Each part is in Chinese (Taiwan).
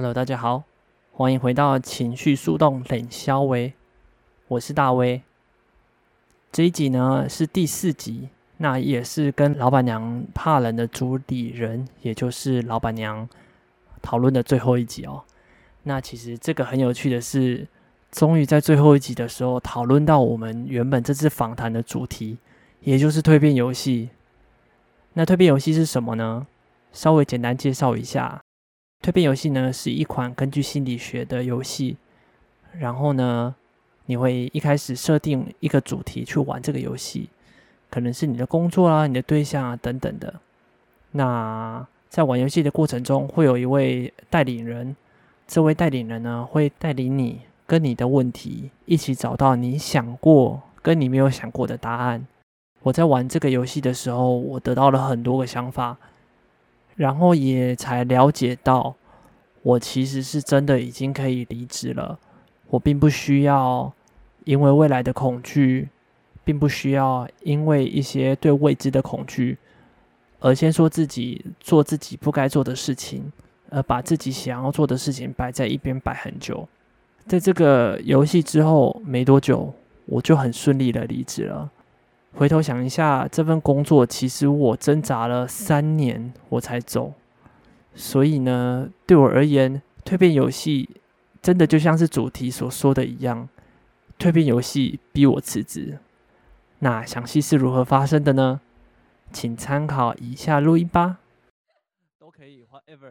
Hello，大家好，歡迎回到情緒樹洞冷肖威，我是大威。這一集呢是第四集，那也是跟老板娘怕冷的主理人，也就是老板娘討論的最後一集哦。那其實這個很有趣的是，終於在最後一集的時候討論到我們原本這次訪談的主題，也就是蛻變遊戲。那蛻變遊戲是什麼呢？稍微簡單介紹一下。蛻變遊戲呢是一款根據心理學的遊戲，然後呢，你會一開始設定一個主題去玩這個遊戲，可能是你的工作啊、你的對象啊等等的。那在玩遊戲的過程中，會有一位帶領人，這位帶領人呢會帶領你跟你的問題一起找到你想過跟你沒有想過的答案。我在玩這個遊戲的時候，我得到了很多個想法。然後也才了解到，我其實是真的已經可以離職了。我並不需要因為未來的恐懼，並不需要因為一些對未知的恐懼，而先說自己做自己不該做的事情，而把自己想要做的事情擺在一邊擺很久。在這個遊戲之後沒多久，我就很順利的離職了。回頭想一下，這份工作其實我掙扎了三年我才走，所以呢，對我而言，蛻變遊戲真的就像是主題所說的一樣，蛻變遊戲逼我辭職。那詳細是如何發生的呢？請參考以下錄音吧。都可以，whatever。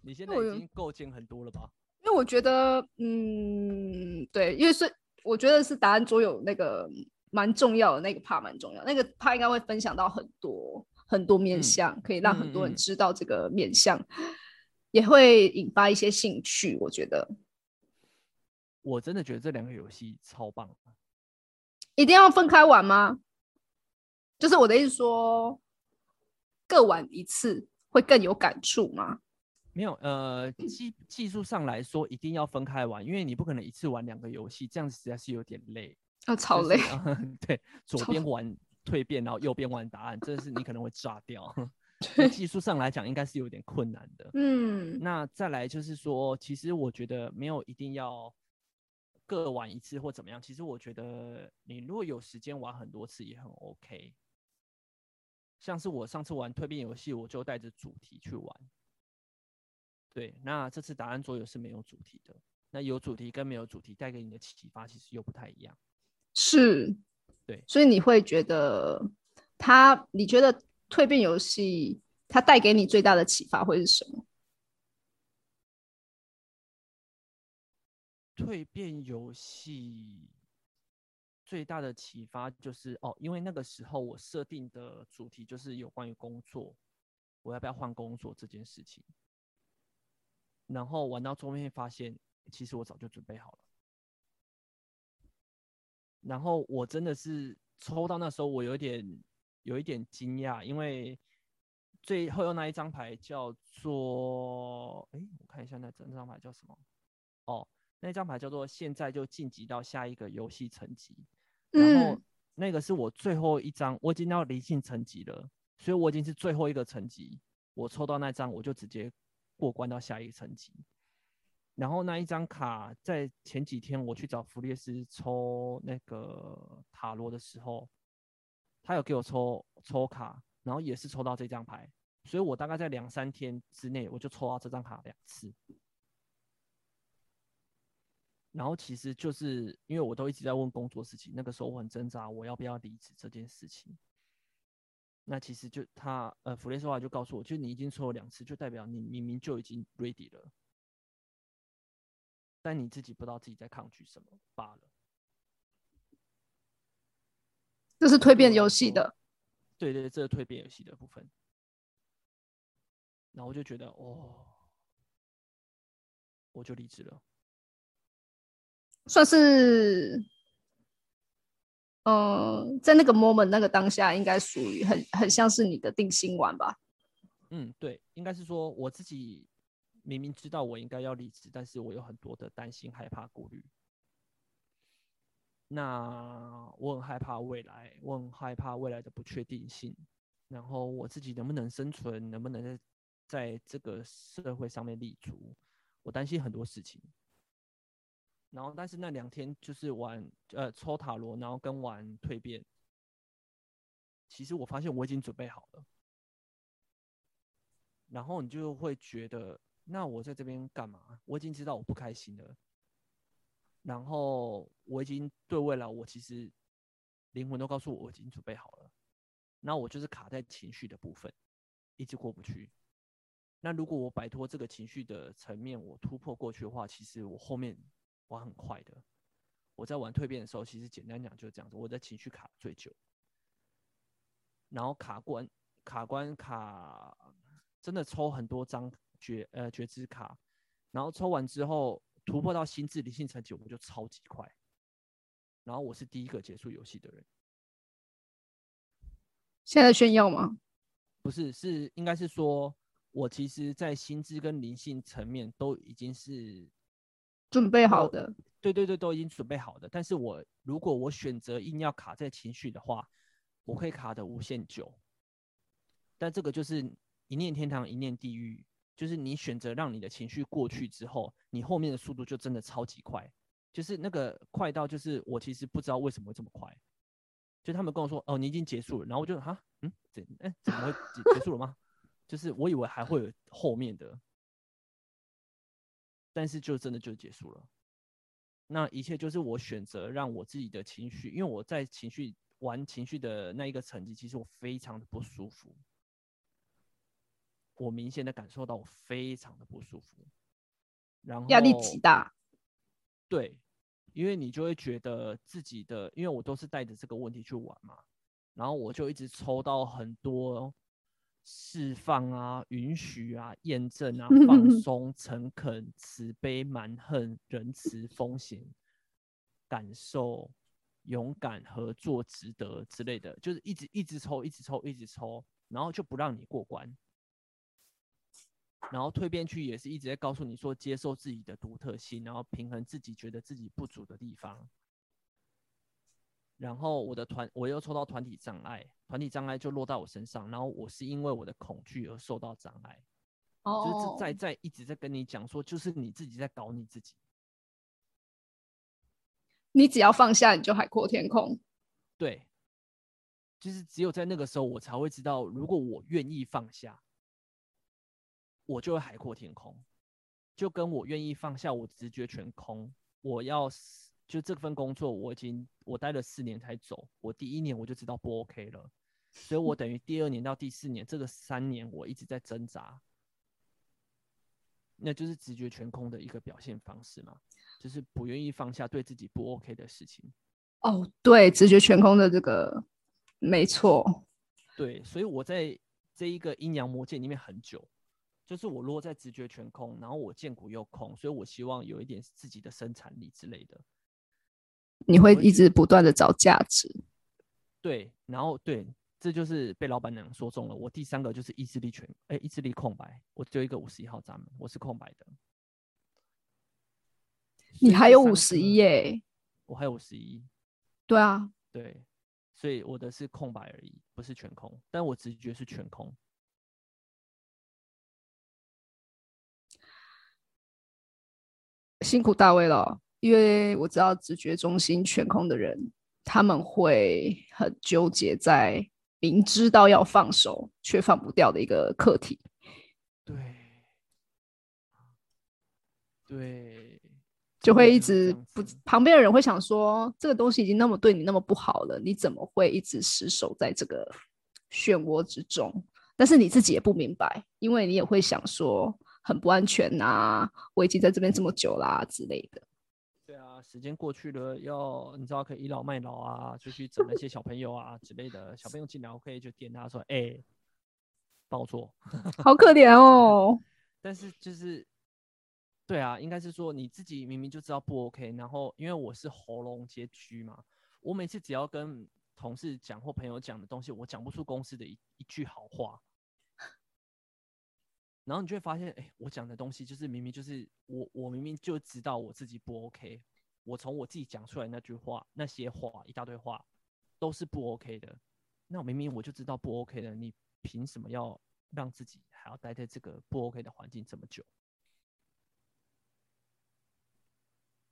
你現在已經夠建很多了吧？因為我覺得，嗯，對，因為是我覺得是答案桌有那個。蠻重要的那個 part 蠻重要。那個 part、那個、應該會分享到很多很多面向，嗯、可以讓很多人知道這個面向，嗯嗯，也會引發一些興趣。我覺得，我真的覺得這兩個遊戲超棒。一定要分開玩嗎？就是我的意思說，各玩一次會更有感觸嗎？沒有，呃，技技術上來說，一定要分開玩，嗯、因為你不可能一次玩兩個遊戲，這樣子實在是有點累。啊，超累！對，左邊玩蛻變，然後右邊玩答案，草這是你可能會炸掉。 對技術上來講，應該是有點困難的。嗯，那再來就是說，其實我覺得沒有一定要各玩一次或怎麼樣。其實我覺得你如果有時間玩很多次也很 OK。像是我上次玩蛻變遊戲，我就帶着主題去玩。對，那這次答案左右是沒有主題的。那有主題跟沒有主題帶給你的啟發，其實又不太一樣。是對，所以你會覺得它，你覺得蛻變遊戲它帶給你最大的啟發會是什麼？蛻變遊戲最大的啟發就是哦，因為那個時候我設定的主題就是有關於工作，我要不要換工作這件事情。然後玩到桌面發現，其實我早就準備好了。然後我真的是抽到那時候，我有點有一點驚訝，因為最後用那一張牌叫做，哎，我看一下那張那張牌叫什麼？哦，那張牌叫做“現在就晉級到下一個遊戲層級”。然後那個是我最後一張，我已經要離境層級了，所以我已經是最後一個層級。我抽到那張，我就直接過關到下一個層級。然後那一張卡，在前幾天我去找弗列斯抽那個塔羅的時候，他有給我抽抽卡，然後也是抽到這張牌，所以我大概在兩三天之內，我就抽到這張卡兩次。然後其實就是因為我都一直在問工作事情，那個時候我很掙扎，我要不要離職這件事情。那其實就他，呃，弗列斯的話就告訴我，就你已經抽了兩次，就代表你明明就已經 ready 了。但你自己不知道自己在抗拒什麼罷了。這是蛻變遊戲的。對，對對，這是、個、蛻變遊戲的部分。然後我就覺得，哦，我就離職了，算是，嗯，在那個 moment 那個當下應，應該屬於很很像是你的定心丸吧。嗯，對，應該是說我自己。明明知道我應該要離職，但是我有很多的擔心、害怕、顧慮。那我很害怕未來，我很害怕未來的不確定性。然後我自己能不能生存，能不能在這個社會上面立足？我擔心很多事情。然後，但是那兩天就是玩呃抽塔羅，然後跟玩蛻變。其實我發現我已經準備好了。然後你就會覺得。那我在這邊幹嘛？我已經知道我不開心了，然後我已經對未來，我其實靈魂都告訴我，我已經準備好了。那我就是卡在情緒的部分，一直過不去。那如果我擺脫這個情緒的層面，我突破過去的話，其實我後面玩很快的。我在玩蛻變的時候，其實簡單講就是這樣子，我在情緒卡最久，然後卡關卡關卡，真的抽很多張。覺呃覺知卡，然後抽完之後突破到心智靈性層級，我就超級快。然後我是第一個結束遊戲的人。現在炫耀嗎？不是，是應該是說我其實在心智跟靈性層面都已經是準備好的。對對對，都已經準備好的。但是我如果我選擇硬要卡在情緒的話，我可以卡的無限久。但這個就是一念天堂，一念地獄。就是你選擇讓你的情緒過去之後，你後面的速度就真的超級快，就是那個快到，就是我其實不知道為什麼會這麼快，就他們跟我說，哦你已經結束了，然後我就哈嗯怎哎、欸、怎麼會結束了嗎？就是我以為還會有後面的，但是就真的就結束了。那一切就是我選擇讓我自己的情緒，因為我在情緒玩情緒的那一個層級，其實我非常的不舒服。我明顯的感受到我非常的不舒服，然後壓力極大。對，因為你就會覺得自己的，因為我都是帶着這個問題去玩嘛，然後我就一直抽到很多釋放啊、允許啊、驗證啊、放鬆、誠懇、慈悲、蠻橫、仁慈、風險、 感受、勇敢、合作、值得之類的，就是一直一直抽、一直抽、一直抽，一直抽，然後就不讓你過關。然後蛻變遊戲也是一直在告訴你說，接受自己的獨特性，然後平衡自己覺得自己不足的地方。然後我的團我又抽到團體障礙，團體障礙就落到我身上。然後我是因為我的恐懼而受到障礙。Oh. 就是在在一直在跟你講說，就是你自己在搞你自己。你只要放下，你就海闊天空。對。就是只有在那個時候，我才會知道，如果我願意放下。我就會海闊天空，就跟我願意放下我直覺全空。我要就這份工作，我已經我待了四年才走。我第一年我就知道不 OK 了，所以我等於第二年到第四年，嗯、這個三年，我一直在掙扎。那就是直覺全空的一個表現方式嘛，就是不願意放下對自己不 OK 的事情。哦，對，直覺全空的這個沒錯。對，所以我在這一個陰陽魔界裡面很久。就是我落在直覺全空，然後我薦骨又空，所以我希望有一點自己的生產力之類的。你會一直不斷的找價值。對，然後對，這就是被老闆娘說中了。我第三個就是意志力全，哎、欸，意志力空白。我只有一個五十一號閘門，我是空白的。你還有五十一耶？我還有五十一。對啊。對。所以我的是空白而已，不是全空，但我直覺是全空。嗯辛苦大衛了，因為我知道直覺中心全空的人，他們會很糾結在明知道要放手卻放不掉的一個課題。對，對，就會一直不，旁邊的人會想說，這個東西已經那麼對你那麼不好了，你怎麼會一直死守在這個漩渦之中？但是你自己也不明白，因為你也會想說。很不安全吶、啊，我已經在這邊這麼久啦、啊、之類的。對啊，時間過去了，要你知道可以倚老賣老啊，就去整那些小朋友啊之類的。 小朋友進來我可以就電他說，哎、欸，包桌， 好可憐哦。但是就是，對啊，應該是說你自己明明就知道不 O、OK, K，然後因為我是喉嚨結節嘛，我每次只要跟同事講或朋友講的東西，我講不出公司的一一句好話。然後你就會發現，哎，我講的東西就是明明就是我，我明明就知道我自己不 OK。我從我自己講出來那句話，那些話，一大堆話，都是不 OK 的。那我明明我就知道不 OK 的，你憑什麼要讓自己還要待在這個不 OK 的環境這麼久？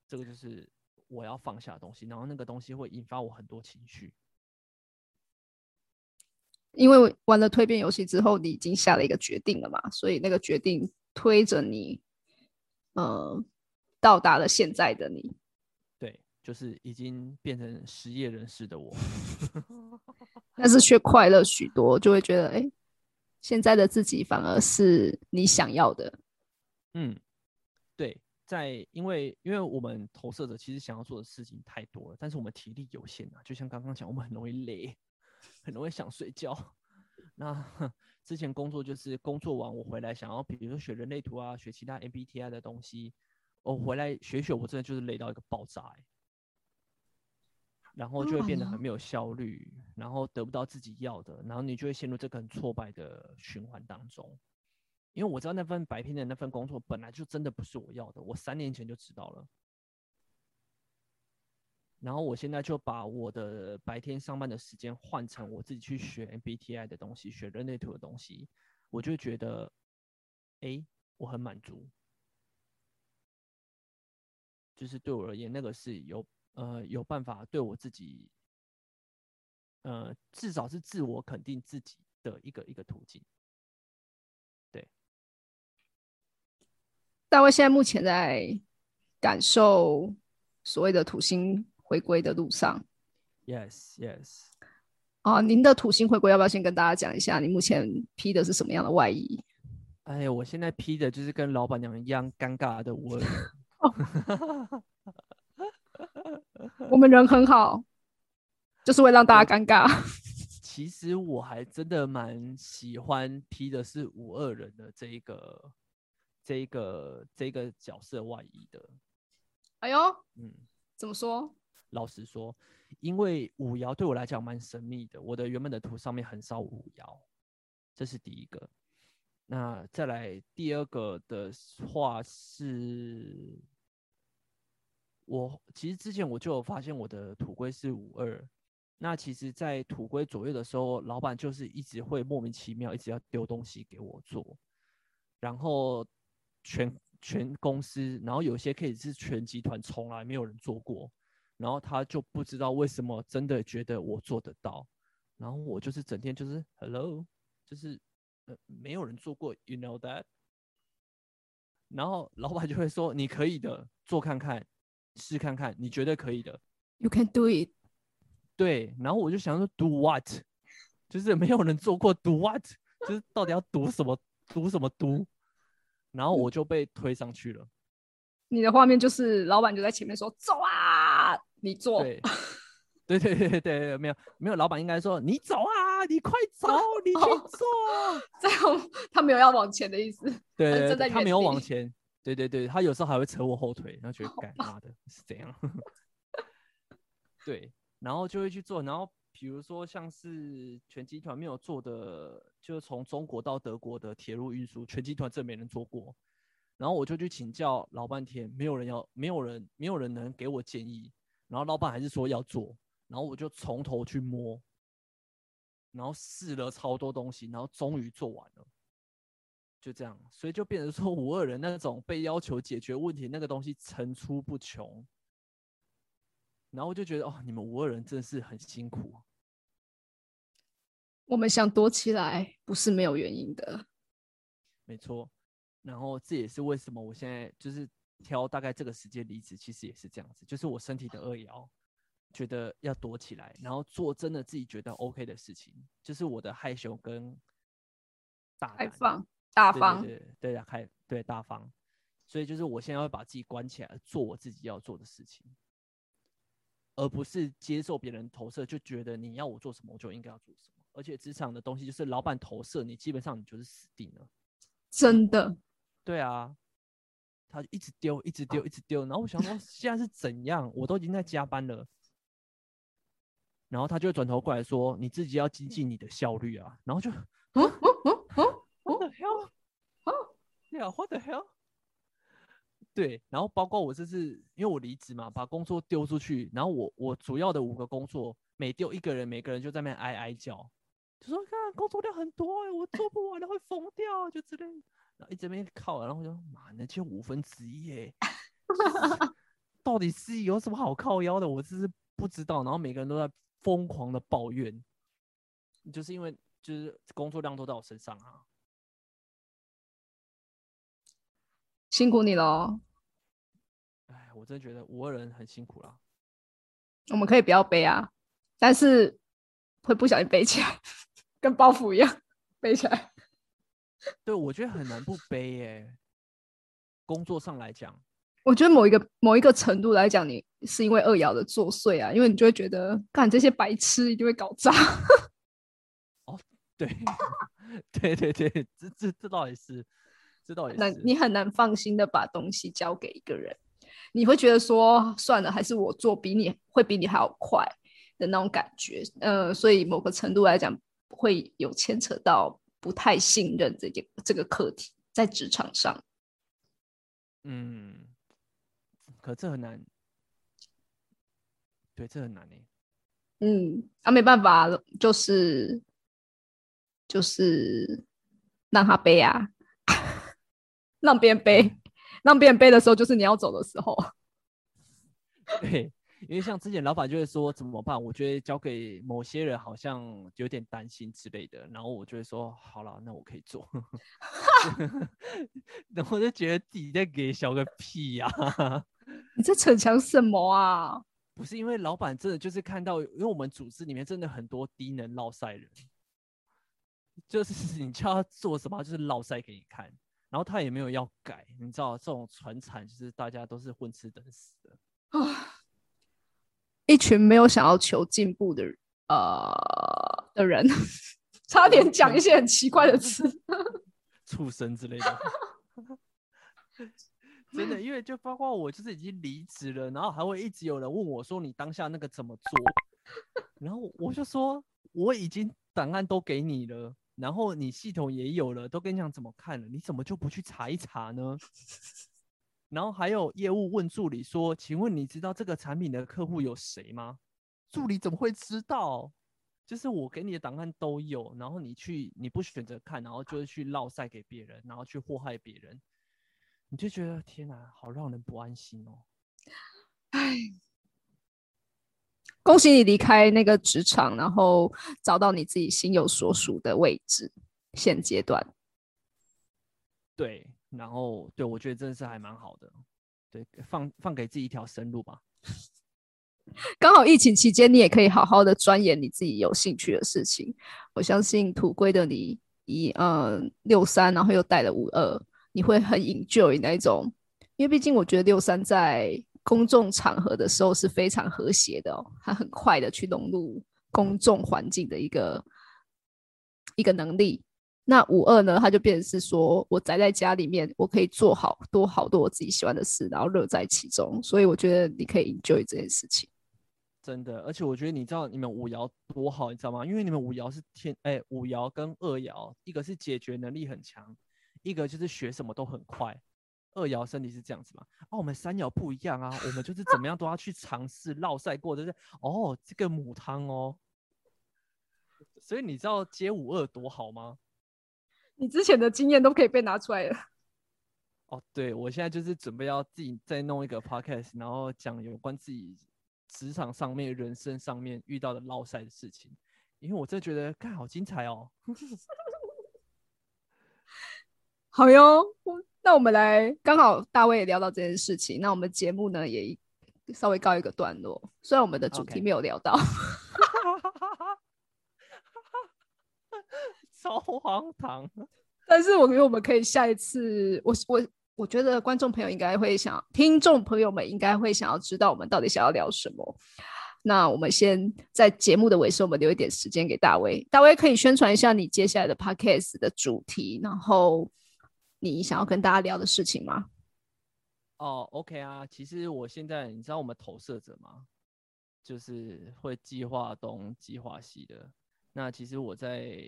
這個就是我要放下的東西，然後那個東西會引發我很多情緒。因為我玩了蛻變遊戲之後，你已經下了一個決定了嘛，所以那個決定推着你，呃，到達了現在的你。對，就是已經變成失業人士的我， 但是卻快樂許多，就會覺得，誒、欸，現在的自己反而是你想要的。嗯，對，在因為因為我們投射者其實想要做的事情太多了，但是我們體力有限啊，就像剛剛講，我們很容易累。很容易想睡覺。那之前工作就是工作完我回來想要，比如說學人類圖啊，學其他 MBTI 的東西。我、哦、回來學學，我真的就是累到一個爆炸、欸，然後就會變得很沒有效率，然後得不到自己要的，然後你就會陷入這個很挫敗的循環當中。因為我知道那份白天的那份工作本來就真的不是我要的，我三年前就知道了。然後我現在就把我的白天上班的時間換成我自己去學 MBTI 的東西，學人類圖的東西，我就覺得，哎，我很滿足，就是對我而言，那個是有呃有辦法對我自己，呃，至少是自我肯定自己的一個一個途徑。對，但我現在目前在感受所謂的土星。回歸的路上，Yes Yes，啊，您的土星回歸要不要先跟大家講一下，你目前披的是什麼樣的外衣？哎呦，我現在披的就是跟老闆娘一樣尷尬的五二人。 我們人很好，就是會讓大家尷尬，哎。其實我還真的蠻喜歡披的是五二人的這一個、這一個、這一個角色外衣的。哎呦，嗯，怎麼說？老實說，因為五爻對我來講蠻神秘的，我的原本的圖上面很少五爻，這是第一個。那再來第二個的話是，是我其實之前我就有發現我的土龜是五二，那其實，在土龜左右的時候，老闆就是一直會莫名其妙，一直要丟東西給我做，然後全全公司，然後有些 case 是全集團，從來沒有人做過。然後他就不知道為什麼真的覺得我做得到，然後我就是整天就是 hello，就是呃沒有人做過，you know that。然後老闆就會說你可以的，做看看，試看看，你覺得可以的，you can do it。對，然後我就想說 do what，就是沒有人做過 do what，就是到底要 do 什麼 do 什麼 do，然後我就被推上去了。你的畫面就是老闆就在前面說走啊。你坐，對對對對對，沒有沒有，老闆應該說你走啊，你快走，你去做。最後他沒有要往前的意思，對，對，對他沒有往前，對對對，他有時候還會扯我後腿，然後覺得幹嘛的是這樣？ 對，然後就會去做。然後比如說像是全集團沒有做的，就是從中國到德國的鐵路運輸，全集團這沒人做過。然後我就去請教老半天，沒有人要，沒有人，沒有人能給我建議。然後老闆還是說要做，然後我就從頭去摸，然後試了超多東西，然後終於做完了，就這樣，所以就變成說五二人那種被要求解決問題那個東西層出不窮，然後我就覺得哦，你們五二人真的是很辛苦啊。我們想躲起來不是沒有原因的，沒錯，然後這也是為什麼我現在就是。挑大概這個時間離職，其實也是這樣子，就是我身體的二爻覺得要躲起來，然後做真的自己覺得 OK 的事情，就是我的害羞跟大方，大方對對對，對，對大方，所以就是我現在會把自己關起來，做我自己要做的事情，而不是接受別人投射，就覺得你要我做什麼，我就應該要做什麼。而且職場的東西就是老闆投射你，基本上你就是死定了，真的，對啊。他就一直丟，一直丟，一直丟。啊、然後我想說，現在是怎樣？ 我都已經在加班了。然後他就轉頭過來說：“你自己要精進你的效率啊。”然後就，嗯嗯嗯嗯，What the hell？啊、yeah, What the hell？對。然後包括我這次，因為我離職嘛，把工作丟出去，然後我我主要的五個工作，每丟一個人，每個人就在那邊哀哀叫，就說：“看工作量很多、欸，我做不完， 然後會瘋掉，就之類。”一直沒靠，然後我就媽了，就五分之一耶， 就是，到底是有什麼好靠腰的？我真是不知道。然後每個人都在瘋狂的抱怨，就是因為就是工作量都在我身上啊，辛苦你嘍。哎，我真的覺得五個人很辛苦了。我們可以不要背啊，但是會不小心背起來，跟包袱一樣背起來。 對，我覺得很難不背耶，欸。 工作上來講，我覺得某一個某一個程度來講，你是因為二爻的作祟啊，因為你就會覺得，看這些白痴一定會搞砸。 哦，對， 對，對對對，這這這倒也是，這倒也是。那你很難放心的把東西交給一個人，你會覺得說，算了，還是我做比你會比你還要快的那種感覺。呃，所以某個程度來講，會有牽扯到。不太信任這個、個、這個課題在職場上，嗯，可這很難，對，這很難、欸、嗯，啊，沒辦法了，就是就是讓他背啊， 讓別人背，讓別人背的時候，就是你要走的時候。 因為像之前老闆就會說，怎麼辦？我覺得交給某些人好像有點擔心之類的。然後我就會說好了，那我可以做。 然後我就覺得自己在給小個屁呀、啊！你在逞強什麼啊？不是因為老闆真的就是看到，因為我們組織裡面真的很多低能落賽人，就是你叫他做什麼就是落賽給你看，然後他也沒有要改，你知道這種傳產就是大家都是混吃等死的啊。 一群沒有想要求進步的呃的人， 差點講一些很奇怪的詞，畜生 之類的， 真的，因為就包括我，就是已經離職了，然後還會一直有人問我說，你當下那個怎麼做？然後我就說我已經檔案都給你了，然後你系統也有了，都跟你講怎麼看了，你怎麼就不去查一查呢？ 然後還有業務問助理說：“請問你知道這個產品的客戶有誰嗎？”助理怎麼會知道？就是我給你的檔案都有，然後你去你不選擇看，然後就會去落賽給別人，然後去禍害別人。你就覺得天哪，好讓人不安心哦！哎，恭喜你離開那個職場，然後找到你自己心有所屬的位置。現階段，對。然後，對，我覺得真的是還蠻好的，對，放放給自己一條生路吧。剛好疫情期間，你也可以好好的鑽研你自己有興趣的事情。我相信土龜的你，一，呃六三，63，然後又帶了五二，你會很 enjoy 那一種，因為畢竟我覺得六三在公眾場合的時候是非常和諧的哦，還很快的去融入公眾環境的一個一個能力。那五二呢？他就變成是說，我宅在家裡面，我可以做好多好多我自己喜歡的事，然後樂在其中。所以我覺得你可以 enjoy 這件事情，真的。而且我覺得你知道你們五爻多好，你知道嗎？因為你們五爻是天哎、欸，五爻跟二爻，一個是解決能力很強，一個就是學什麼都很快。二爻身體是這樣子嘛，哦、啊，我們三爻不一樣啊， 我們就是怎麼樣都要去嘗試烙賽過的、 就是、哦，這個母湯哦。所以你知道接五二多好嗎？你之前的經驗都可以被拿出來了。哦，oh, 對，我現在就是準備要自己再弄一個 podcast，然後講有關自己職場上面、人生上面遇到的撈塞的事情，因為我真的覺得，看好精彩哦。 好喲，那我們來，剛好大衛也聊到這件事情，那我們節目呢也稍微告一個段落，雖然我們的主題沒有聊到。Okay. 超荒唐，但是我覺得我們可以下一次，我我我覺得觀眾朋友應該會想，聽眾朋友們應該會想要知道我們到底想要聊什麼。那我們先在節目的尾聲，我們留一點時間給大衛，大衛可以宣傳一下你接下來的 podcast 的主題，然後你想要跟大家聊的事情嗎？哦、oh，OK 啊，其實我現在你知道我們投射者嗎？就是會計劃東計劃西的。那其實我在。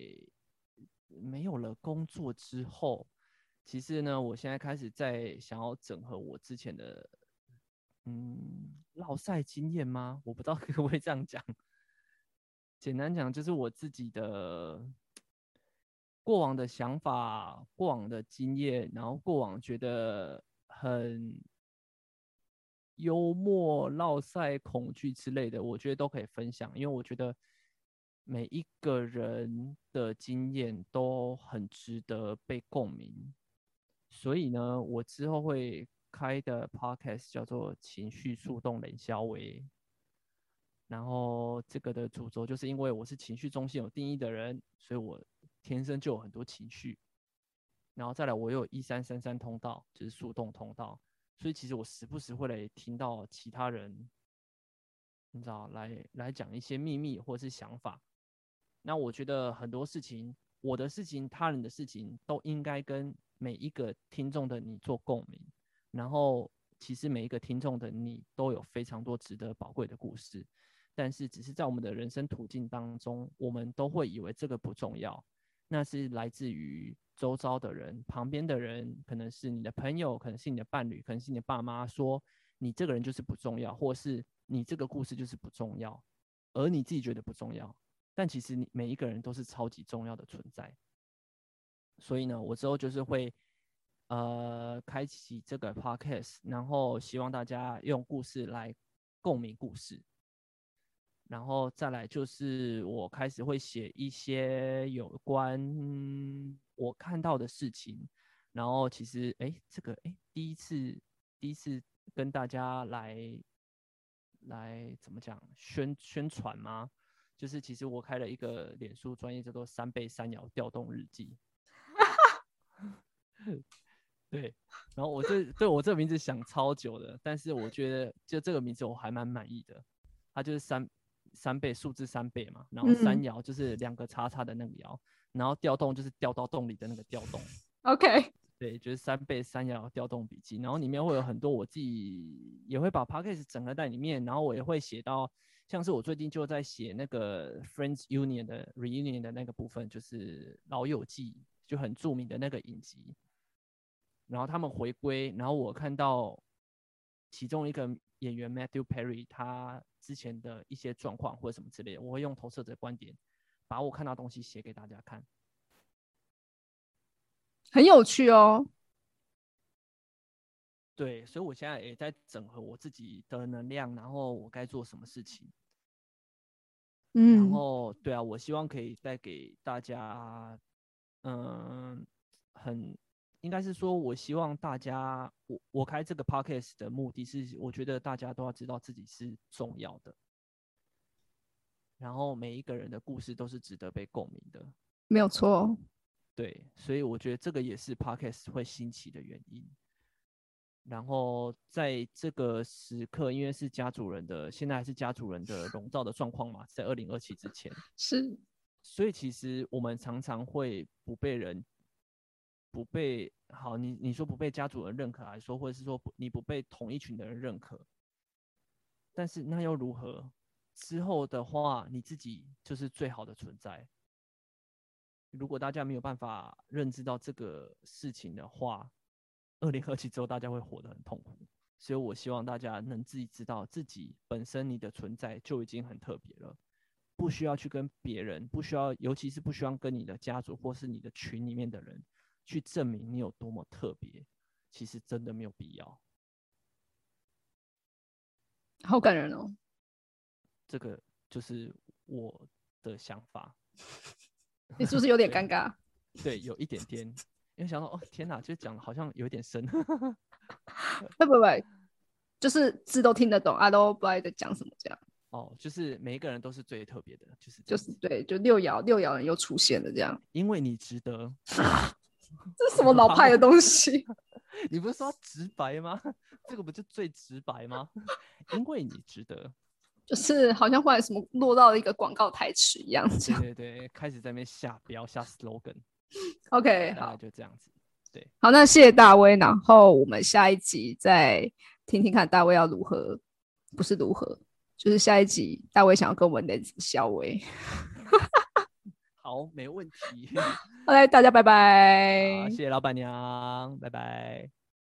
沒有了工作之後，其實呢，我現在開始在想要整合我之前的，嗯，落賽經驗嗎？我不知道可不可以這樣講。簡單講，就是我自己的過往的想法、過往的經驗，然後過往覺得很幽默、落賽恐懼之類的，我覺得都可以分享，因為我覺得。每一個人的經驗都很值得被共鳴，所以呢，我之後會開的 podcast 叫做《情緒樹洞冷消維》。然後這個的主軸就是因為我是情緒中心有定義的人，所以我天生就有很多情緒，然後再來我有一三三三通道，就是樹洞通道，所以其實我時不時會來聽到其他人，你知道，來來講一些秘密或是想法。那我覺得很多事情，我的事情、他人的事情，都應該跟每一個聽眾的你做共鳴。然後，其實每一個聽眾的你都有非常多值得寶貴的故事，但是只是在我們的人生途徑當中，我們都會以為這個不重要。那是來自於周遭的人、旁邊的人，可能是你的朋友，可能是你的伴侶，可能是你的爸媽，說你這個人就是不重要，或是你這個故事就是不重要，而你自己覺得不重要。但其實你每一個人都是超級重要的存在，所以呢，我之後就是會呃開啟這個 podcast，然後希望大家用故事來共鳴故事，然後再來就是我開始會寫一些有關我看到的事情，然後其實哎，這個哎第一次第一次跟大家來來怎麼講宣宣傳嗎？就是其實我開了一個臉書專頁叫做“三倍三搖調動日記”， 對。然後我這對我這個名字想超久的，但是我覺得就這個名字我還蠻滿意的。它就是三三倍數字三倍嘛，然後三搖就是兩個叉叉的那個搖，然後調動就是掉到洞裡的那個調動。OK，對，就是三倍三搖調動筆記。然後裡面會有很多我自己也會把 Podcast 整合在裡面，然後我也會寫到。像是我最近就在寫那個《Friends Union》的 reunion 的那個部分，就是老友記，就很著名的那個影集。然後他們回歸，然後我看到其中一個演員 Matthew Perry 他之前的一些狀況或什麼之類，我會用投射者觀點，把我看到東西寫給大家看，很有趣哦。對，所以我現在也在整合我自己的能量，然後我該做什麼事情。嗯，然後對啊，我希望可以帶給大家，嗯，很應該是說，我希望大家，我我開這個 podcast 的目的是，我覺得大家都要知道自己是重要的，然後每一個人的故事都是值得被共鳴的，沒有錯，嗯。對，所以我覺得這個也是 podcast 會興起的原因。然後在這個時刻，因為是家族人的，現在還是家族人的籠罩的狀況嘛，在二零二七之前是，所以其實我們常常會不被人、不被好，你你說不被家族人認可啊，還是說，或者是說不你不被同一群的人認可，但是那又如何？之後的話，你自己就是最好的存在。如果大家沒有辦法認知到這個事情的話。二零二七之後，大家會活得很痛苦，所以我希望大家能自己知道自己本身你的存在就已經很特別了，不需要去跟別人，不需要，尤其是不需要跟你的家族或是你的群裡面的人去證明你有多麼特別，其實真的沒有必要。好感人哦，這個就是我的想法。 你是不是有點尷尬？對，對，有一點點。.沒想到哦，天哪，這講的好像有點深。 對不不不，就是字都聽得懂，阿、啊、都不愛在講什麼這樣。哦，就是每一個人都是最特別的，就是就是對，就六爻六爻人又出現了這樣。因為你值得， 這是什麼老派的東西？ 你不是說他直白嗎？這個不就最直白嗎？ 因為你值得，就是好像後來什麼落到了一個廣告台詞一樣，樣，樣對，對對，開始在那邊下標下 slogan。OK，好，就這樣子。好對，好，那謝謝大威，然後我們下一集再聽聽看大威要如何，不是如何，就是下一集大威想要跟我們的小威。 好，沒問題。好，來大家拜拜。謝謝老闆娘，拜拜。